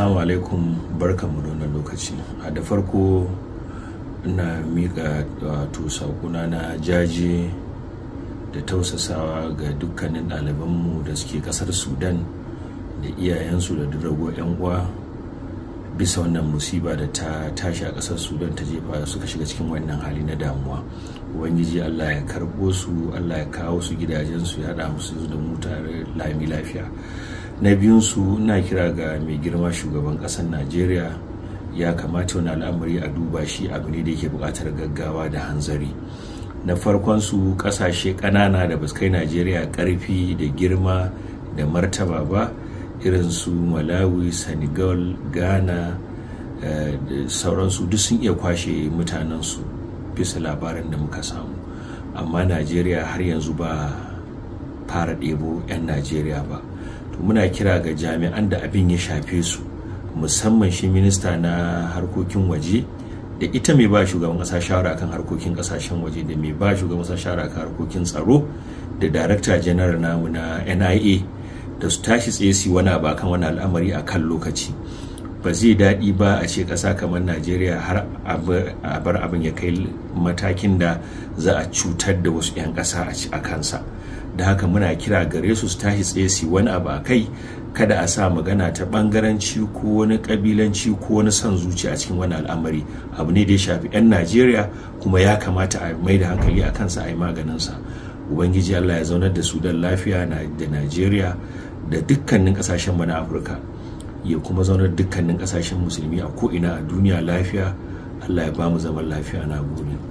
Assalamu alaikum barkan da wannan lokaci. A da farko ina miƙa wato saƙona na jaje da tausasawa ga dukkanin ɗalibanmu da suke ƙasar Sudan da iyayensu da durago 'yan uwa bisa wannan musiba da ta tashi a ƙasar Sudan ta jefa suka shiga cikin wannan hali na damuwa. Ubangiji Allah ya karɓo su, Allah ya kawo su gidajensu ya musu da mu lami lafiya. na biyunsu na kira ga mai girma shugaban ƙasar najeriya ya kamata wani al'amari a duba shi abu ne da yake buƙatar gaggawa da hanzari na farkonsu ƙasashe ƙanana da kai najeriya ƙarfi da girma da martaba ba irin su malawi senegal ghana eh, da sauransu duk sun iya kwashe mutanen su bisa labarin da muka samu amma najeriya har yanzu ba fara ɗebo 'yan najeriya ba to muna kira ga jami'an da abin ya shafe su musamman shi minista na harkokin waje da ita mai ba shugaban ƙasa shawara kan harkokin ƙasashen waje da mai ba shugaban ƙasa shawara kan harkokin tsaro da darakta janar namu na nia da su tashi tsaye su wani abakan wani al'amari a kan lokaci ba zai daɗi ba a ce ƙasa kamar najeriya har a bar abin ya kai matakin da za a cutar da wasu 'yan ƙasa a kansa da haka muna kira gare su tashi tsaye su wani abu a kai kada a sa magana ta bangaranci ko wani kabilanci ko wani son zuciya a cikin wani al'amari abu ne da ya shafi 'yan najeriya kuma ya kamata a mai da hankali a kansa a yi maganin sa, ubangiji allah ya zaunar da su don lafiya da najeriya da dukkanin kasashen mu na afirka ya kuma zaunar dukkanin ƙasashen musulmi a ko'ina a duniya lafiya allah ya ba mu zaman lafiya na gobe.